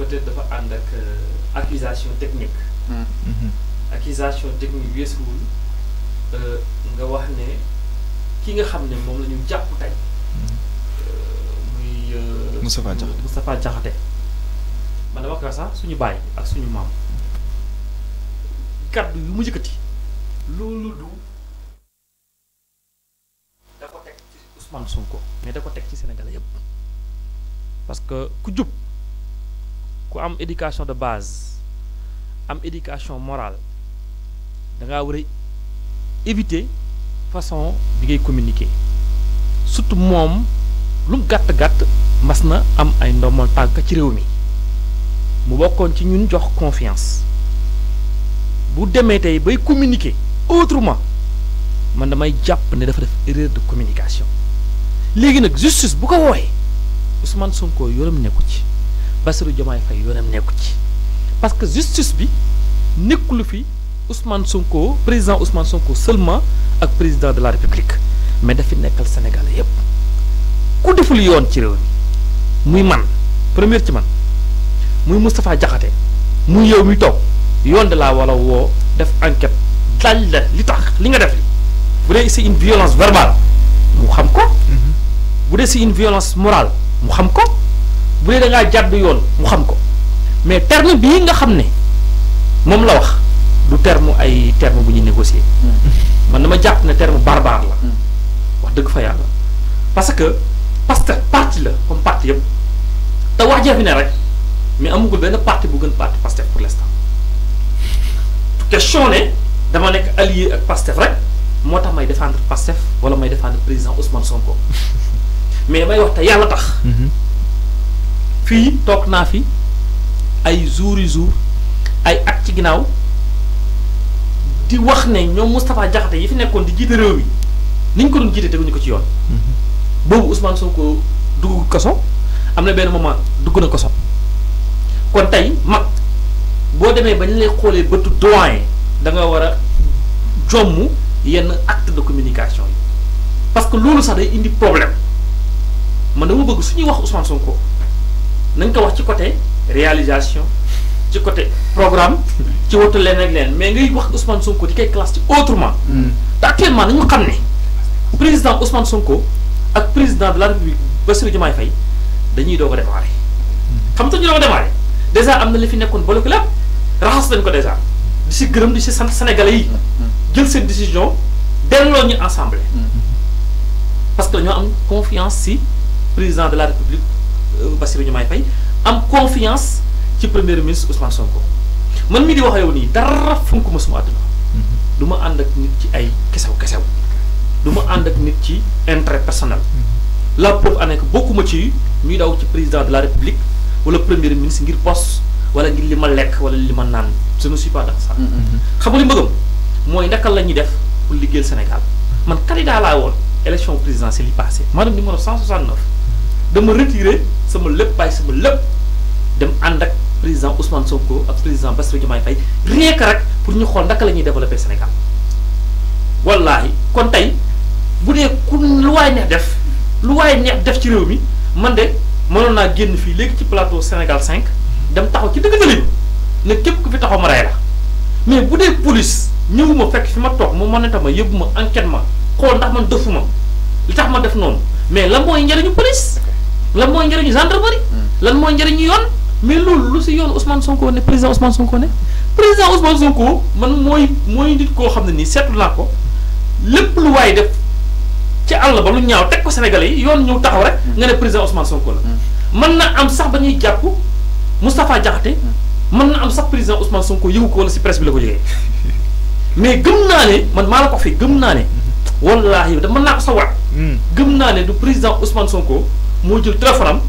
peut-être dafa ànd ak euh, accusation technique hmm. mhm. accusation technique weesuwul euh, nga wax ne ki nga xam ne moom lañu jàpp tey hmm. euh, muy Moustapha Diakhaté Moustapha Diakhaté man dama ko sax suñu baay ak suñu maam kaddu yu mu yëkkati loolu du da ko teg ci Ousmane Sonko mais da ko teg ci senegal yëpp parce ku jub ku am éducation de base am éducation morale da ngaa éviter façon bi ngay communiquer surtout mom lu gatt gatt masna na am ay ndomol tànk ci réew mi mu bokkoon ci ñun jox confiance bu démé tay bay communiquer autrement man damay japp né dafa def erreur de communication légui nak justice bu ko wooyee Ousmane Sonko yoram nekku ci. Bassirou Diomaye fay yoonam nekku ci parce que justice bi nekkul fi Ousmane Sonko président Ousmane Sonko seulement ak président de la République mais dafi nekkal sénégal yépp ku deful yoon ci réew mi muy man premier ci man muy Moustapha Diakhaté muy yow mi toog yoon de la wala woo def enquête dal la li tax li nga def li bu dee c'est une violence verbale mu xam ko mm-hmm. bu dee c'est une violence morale mu xam ko bu dee da ngaa jàdd yoon mu xam ko mais terme bii nga xam ne moom la wax du terme ay terme bu ñuy négocier hmm. man dama jàpp ne terme barbare la hmm. wax dëgg fa yàlla parce que Pastef parti la comme parti yëpp te wax jee fi ne rek mais amugul benn parti bu gën parti Pastef pour l'instant hmm. question ne dama nekk allié ak Pastef rek moo tax may défendre Pastef wala may défendre président Ousmane Sonko mais may wax te yàlla tax fii toog naa fi ay jours yu ay at ci ginnaaw di wax ne ñoom Moustapha Diakhaté yi fi nekkoon di jiite réew mi ni ko doon jiite teguñu ko ci yoon. Mhm. boobu soo ko dugg kaso am na benn moment dugg na koso kon tey mag boo demee ba ñu lay xoolee bëtu doyen da nga war a jomm yenn acte de communication yi parce que loolu sax day indi problème man dama bëgg su ñuy wax Ousmane ko nañ ko wax ci côté réalisation ci côté programme ci watu leen ak leen mais ngay wax Ousmane Sonko di koy classe ci autrement hmm. te actuellement nañu xam ne président Ousmane Sonko ak président de la République Bassirou Diomaye Faye dañuy doog a démarré hmm. xam nga ñu doog a démarré dèjà am na li fi nekkoon bloqué lépp raxas nañ ko dèjà di si gërëm di si sant sénégalais yi hmm. jël seen décision delloo ñu ensemble parce que dañoo am confiance si président de la République Bassirou eh, Diomaye Faye am confiance ci premier ministre Ousmane Sonko man mi di wax yow ni dara funkuma suma àdduna mhm. du ma ànd ak nit ci ay kessaw kessaw duma and ak nit ci intérêt personnel mhm. la preuve ko que ma ci ñuy daw ci président de la république wala premier ministre ngir poste wala ngir lima lek wala lima nan je ne suis pas dans ça mhm. xam nga li mbeugum moy naka la def pour liguel Sénégal man candidat la won élection présidentielle y passé madame numéro 169 dama retirer sama lëpp bàyyi sama lépp dem ànd ak président Ousmane Sonko ak président Bassirou Diomaye Faye rien que rek pour ñu xool naka la ñuy développer Sénégal wallaahi kon tey bu dee ku lu waay neex def lu waaye neex def ci réew mi man de mënoon naa génn fii léegi ci plateau Sénégal cinq dem taxaw ci dëgg dëgg ne képp ku fi taxaw ma rey la mais bu dee police ñëwuma fekk fi ma toog mu mën a ma yóbbu ma enquête xool ndax man defuma li tax ma def noonu mais la mooy njëriñu police. lan mooy njëriñu gendarmerie. Hmm. lan mooy njëriñu yoon. mais loolu lu si yoon Ousmane Sonko ne président Ousmane Sonko ne président Ousmane Sonko man mooy mooy nit koo xam ne nii seetlu naa ko lépp lu waay def ci àll ba lu ñaaw teg ko Sénégalais yi yoon ñëw taxaw rek. Hmm. nga ne président Ousmane Sonko la. man hmm. naa am sax ba ñuy jàpp Moustapha Diakhaté mën na am sax président Ousmane Sonko yëgu ko wala si presse bi la ko jógee mais gëm naa ne man maa la ko fi gëmm naa ne wallaahi dama naa ko sa waat. gëm naa ne du président Ousmane Sonko. moo jël téléphone am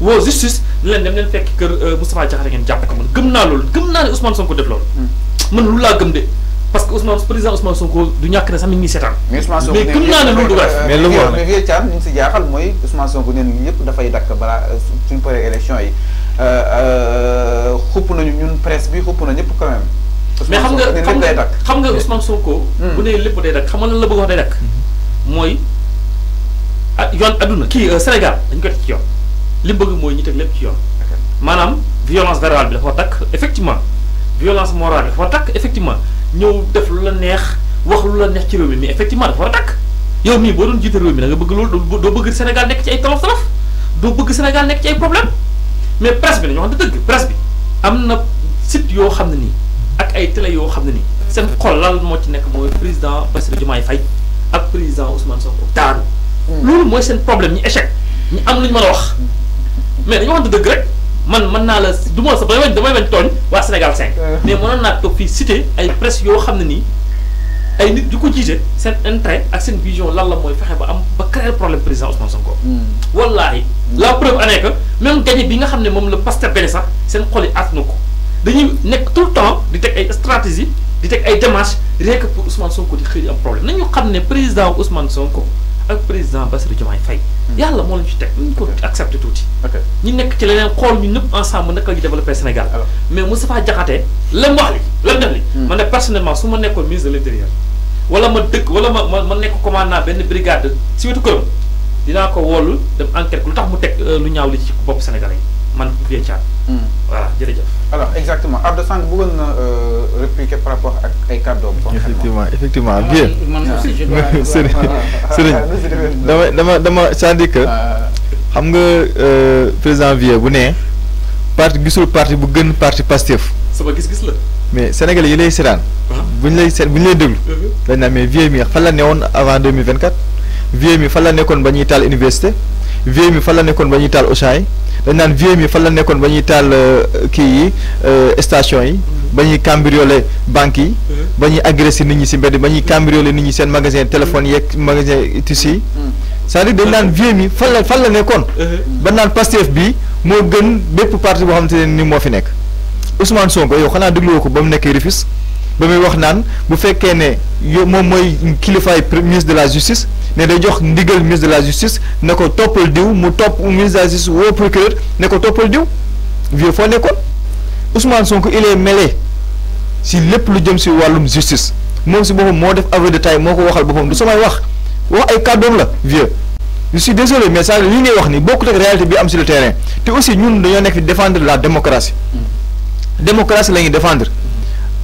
woo justice ni leen dem leen fekk kër euh, Moustapha Diakhaté ngeen jàpp ko man gëm naa loolu gëm naa ne Ousmane Sonko def loolu. Hmm. man lu laa gëm de parce que Ousmane président Ousmane du ñàkk ne sax mi ngi seetaan. mais gëm naa ne loolu du ko def. mais ñu si jaaxal mooy Ousmane Sonko nee nañu yëpp dafay euh, euh, na ñëpp quand même. mais xam nga xam nga Ousmane Sonko lépp day dakk xam nga hmm. la bëgg wax day dakk hmm. mooy ah yoon adduna kii euh, Sénégal dañ ko teg ci yoon li bëgg mooy ñu teg lépp ci yoon. maanaam violence verbale bi dafa takk effectivement violence morale bi dafa takk effectivement ñëw def lu la neex wax lu la neex ci réew mi mais effectivement dafa takk yow mii boo doon jiite réew mi da bëgg loolu doo bëgg Sénégal nekk ci ay tolof tolof doo bëgg Sénégal nekk ci ay problème mais presse bi nañu wax dëgg presse bi am na site yoo xam ne nii ak ay télé yoo xam ne nii seen xol lan moo ci nekk mooy président Bassirou Diomaye Faye ak président Ousmane Sonko daaru loolu mooy seen problème ni échec ni am luñu ñu wax mais dañu waxante deug rek man man na la du ma sa damay damay bañ togn wa Sénégal 5. mais mënoon naa toog fii cité ay presse yo xam ni ay nit yu ko jiite seen intérêt ak seen vision lan la mooy fexe ba am ba créer problème président Ousmane Sonko. Hmm. wallahi hmm. la preuve année que même gagné bi nga xamné mom le pasteur Pastef sax sen xol yi at dañuy nek tout temps di tek ay stratégie di tek ay démarche rien que pour Ousmane Sonko di xëy am problème nañu xamné président Ousmane Sonko. ak président Bassirou Diomaye Faye hmm. yàlla moo lañu ci teg ñu ko accepté tuuti ñu nekk ci leneen xool ñu ñëpp ensemble naka la ñu développé Sénégal mais Moustapha Diakhaté lam wax li lam hmm. def li hmm. man ne personnellement su ma nekkoon ministre de l'intérieur wala ma dëkk wala ma ma ma nekk commandant benn brigade si wetu këram dinaa ko woolu dem enquête lu tax mu teg euh, lu ñaaw li ci bopp sénégal yi man Vieux Thiam. Hmm. voilà alors exactement Abdou Sàng bëggoon na euh, répliquer rapport ak ay kàddoom. effectivement effectivement bien. Ah, man aussi je dois Serigne Serigne ah, dama dama dama c'est-à-dire que euh. xam nga euh, président Vieux bu nee parti gisul parti bu gën parti Pastef. sama gis-gis la. mais Sénégalais yi lay seetaan. Ah. bu ñu lay seet bu ñu lay déglu. Uh-huh. dañ naan mais Vieux mi fan la newoon avant 2024. Vieux mi fa la nekkoon ba ñuy taal université. Vieux mi fa la nekkoon ba ñuy taal Oceagne. dañ naan vieux yi fan la nekkoon ba ñuy taal euh, kii yi euh, station yi. Mhm. ba ñuy cambrioler banques yi. Mhm. ba ñuy agressé nit ñi si mbedd ba ñuy cambrioler nit ñi seen magasin téléphone yeeg magasin tissu yi. Mhm. cest à dañ naan vieux yi fan la fan la nekkoon. ba naan Pastef bi moo gën bépp parti boo xamante ne ni moo fi nekk Ousmane Sonko yow xanaa dégluwoo ko ba mu nekk Rufisque. ba muy wax naan bu fekkee ne yo moom mooy kilifaay ministre de la justice ne day jox ndigal ministre de la justice ne ko toppal diw mu topp ministre de la justice woo procureur ne ko toppal diw vieux foo nekkoon Ousmane Sonko il est mêlé si lépp lu jëm si wàllum justice moom si boppam moo def aveu de taille moo ko waxal boppam du samay wax wax ay kàddoom la vieux je suis désolé mais ça li ngay wax ni beaucoup de réalité bi am sur le terrain te aussi ñun dañoo nekk fi défendre la démocratie mm. démocratie la ñuy défendre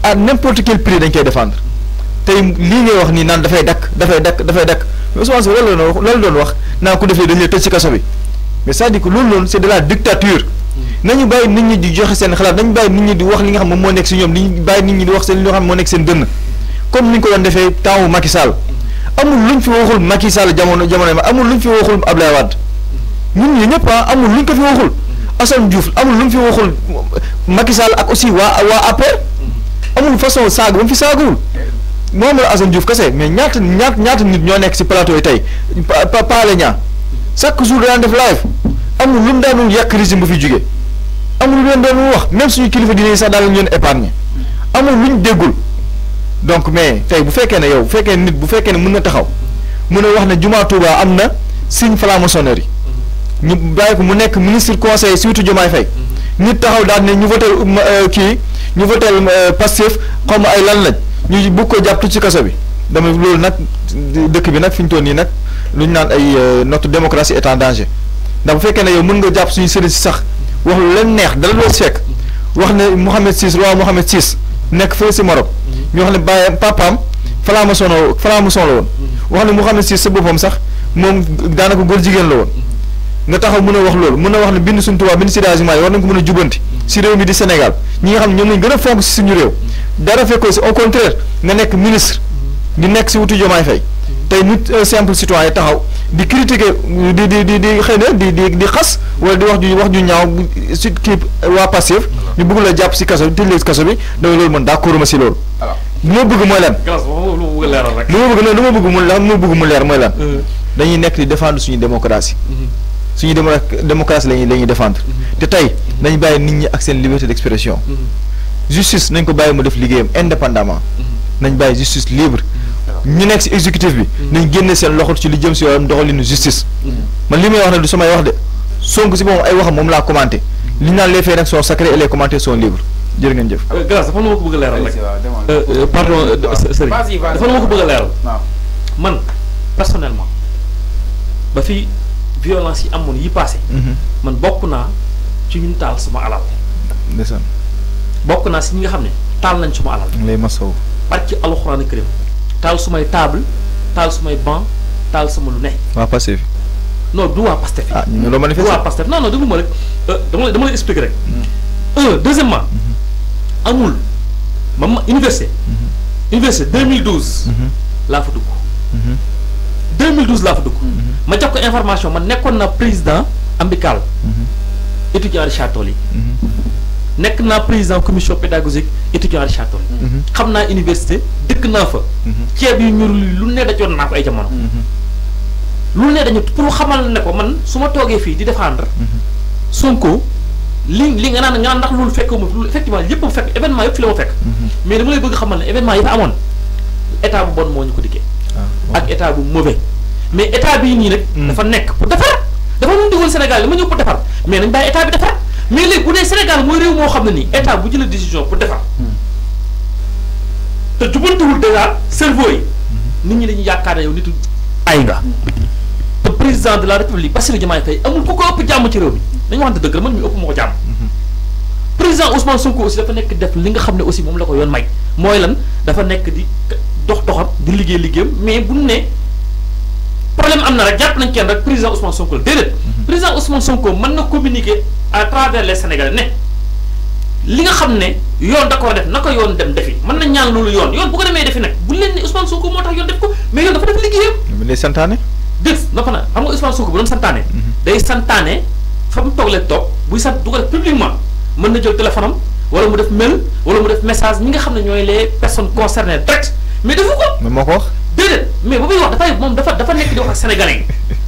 ah n'importe quel prix dañ koy défendre tey lii ngay wax nii naan dafay dakk dafay dakk dafay dakk mais Ousmane Sonko loolu la loolu doon wax naan ku defee dañuy tëj ci kaso bi mais cest à loolu noonu c'est de la dictature. nañu bàyyi nit ñi di joxe seen xalaat nañu bàyyi nit ñi di wax li nga xam moom moo nekk si ñoom ñu bàyyi nit ñi di wax seen li nga xam moo nekk seen dënn comme ni ñu ko doon defee temps wu Macky Sall amul fi waxul Macky Sall jamono jamono ma amul luñ fi waxul Abdoulaye ñëpp ah amul luñ ko fi waxul Assane Diouf amul luñ fi waxul Macky Sall ak aussi waa waa amul façon saaga ba mu fi moo Mamadou Assane Diouf kase mais ñaata ñaata ñaata nit ñoo nekk si plateau yi tey pa paale ñaa chaque jour daan def live amul lu mu daanul yàq régime bu fi jóge amul lu leen doon wax même suñu kilifa dinañ sax daal ñu leen épargne amul lu ñu déggul donc mais tey bu fekkee ne yow bu fekkee nit bu fekkee ne mën na taxaw mën a wax ne jumaa Touba am na signe franc-maçonnerie ñu bàyyi ko mu nekk ministre conseil surtout Diomaye Faye nit taxaw daal ne ñu votel euh, kii ñu votel euh, Pastef xaw ma ay lan lañ ñu bugg ko jàpp ci kaso bi dama loolu nag dëkk bi nag fi ñu toll nii nag lu ñu naan ay euh, notre démocratie est en danger ndax bu fekkee ne yow mën nga jàpp suñu sëriñ si sax wax lu leen neex dala loo si fekk wax ne Mohamed Siis roi Mohamed Siis nekk fële si Maroc mhm. ñu wax ne bàyyam papaam franc-maçon franc-maçon la woon mhm. wax ne Mohamed Siis sa boppam sax moom daanaka góor jigéen la woon mhm. nga taxaw mën a wax loolu mën a wax ne bind suñ tubaab bind sidagement yi war nañ ko mën a jubanti si réew mi di Sénégal ñi nga xam ñoom lañ gën a fonk si suñu réew dara fekkoo si au contraire nga nekk ministre di nekk si wutu jomaay fay tey nit euh, simple citoyen yi taxaw di critiquer di di di di xëy na di di di xas wala di wax ju wax ju ñaaw si kii waa Pastef ñu bëgg la jàpp si kaso bi tëj bi dama loolu man d'accord ma si loolu li ma bëgg mooy lan li ma bëgg noonu li ma bëgg mu leer li ma bëgg mu leer mooy lan euh. dañuy nekk di défendre suñu suñu démocratie la ñuy la ñuy défendre mm-hmm. te tey nañ bàyyi nit ñi ak seen liberté d'expression mm-hmm. justice nañ ko bàyyi mu def liggéeyam indépendamment mm-hmm. nañ bàyyi justice libre ñu nekk si exécutif bi nañ génne seen loxo ci li jëm si wàllum doxalinu justice man li may wax ne du samay wax de Sonko si moom ay waxam moom laa commenté li ñu naan les faits nag sont sacrés et les commentaires sont libres jërë euh, dafa ma ko bëgg euh, euh, ma ko bëgg leeral man personnellement ba fii violence yi amoon yi passé mhm. man bokk naa ci ñun taal sama alal ndeysaan bokk naa si ñi nga xam ne taal nañ suma alal lay ma barki alxuraan karim taal sumay table taal sumay banc taal suma lu ne waa Pastef non du waa Pastef ah ñu ngi doon manifester du waa Pastef non non déglu ma rek euh, dama la dama lay expliquer rek mhm. deuxièmement mhm. amul ma ma université université 2012 laa fa dugg 2012 laa fa dugg. Mhm. ma jox ko information man nekkoon naa président amicale mhm. étudiant Richard Toll yi. nekk naa président commission pédagogique étudiant Richard Toll mhm. xam naa université dëkk naa fa. ceeb yu ñuul lu ne dajoon naa ko ay jamono. lu ne dañu pour xamal ne ko man su ma toogee fii di défendre. Sonko li li nga naan nga naan ndax loolu fekkoo ma loolu effectivement yëpp fekk événement yëpp fi la mu fekk. mais dama lay bëgg xamal ne événement yi fa amoon état moo ñu ko dikkee. ak état bu mauvais mais état bii nii rek. Hmm. dafa nekk pour defar dafa doon digal Sénégal dama ñëw pour defar mais nañ bàyyi état bi defar mais léegi bu dee Sénégal mooy réew moo xam ne nii état bu jëlee décision pour defar hmm. te jubantuwul dèjà cerveau yi hmm. nit ñi dañuy yaakaar ne yow nitu ay nga. te président de la république Bassirou Diomaye Faye amul ku ko ëpp jàmm ci réew mi dañu waxante dëgg la man mi ëpp moo ko jàmm. président Ousmane Sonko aussi dafa nekk def li nga xam ne aussi moom la ko yoon may mooy lan dafa nekk di. dox doxam di liggéey liggéeyam mais bu ne problème am na rek jàpp nañ kenn rek président Ousmane Sonko la déedéet. Mhm. président Ousmane Sonko mën na communiquer à travers les Sénégalais ne li nga xam ne yoon da ko def na ko yoon dem defi mën na ñaan loolu yoon yoon bu ko demee defi nag bu leen ne Ousmane Sonko moo tax yoon def ko mais yoon dafa def liggéeyam. mu ne santaane. dégg nga xam nga Ousmane Sonko bu doon santaane. Mhm. day santaane fa mu toog leen toog buy sant du ko mën na jël téléphone wala mu def mail wala mu def message ñi nga xam ne ñooy les personnes concernées direct mais dafa ko. mais moo ko wax. déedéet mais bu muy wax dafay moom dafa dafa nekk di wax ak sénégalais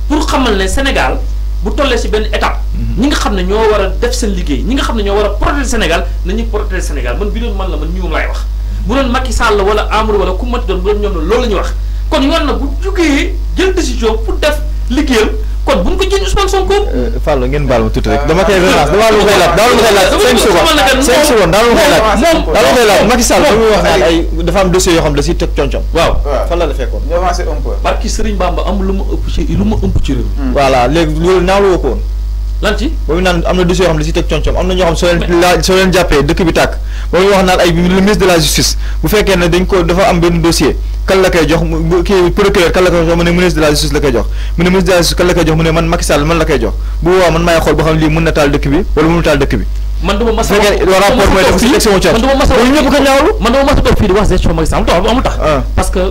pour xamal ne Sénégal bu tollee si benn étape. Mhm. ñi nga xam ne ñoo war a def seen liggéey ñi nga xam ne ñoo war a protéger Sénégal nañu protéger Sénégal man bi doon man la man ñoom laay wax. bu doon Macky Sall wala Amadou wala ku mati doon bu doon ñoom la loolu la ñuy wax kon yoon na bu jugee jël décision pour def liggéeyam. kon bu ñu ko jëlee Ousmane Sonko. Euh, Fallou ngeen baal ma tuuti rek dama koy euh, relax dama la koy laaj dama la koy laaj cinq secondes cinq secondes dama la koy laaj dama la koy laaj Macky Sall ba muy wax naan ay dafa am dossier yoo xam da si teg concom waaw fan la la fekkoon ñu avancé un peu barki Serigne Bamba am lu ma ëpp ci lu ma ëpp ci réew voilà léegi loolu naaw la ko woon lan boobu naan am na dossier xam ne si teg concom am na ñoo xam soo leen laa soo leen jàppee dëkk bi tàkk boobu wax naan ay ministre de la justice bu fekkee ne dañ ko dafa am benn man la koy jox bu man maay xool boo xam lii mën na taal dëkk bi wala mënul taal dëkk bi man du ma toog fii di wax gestion Macky Sall amul tax ah.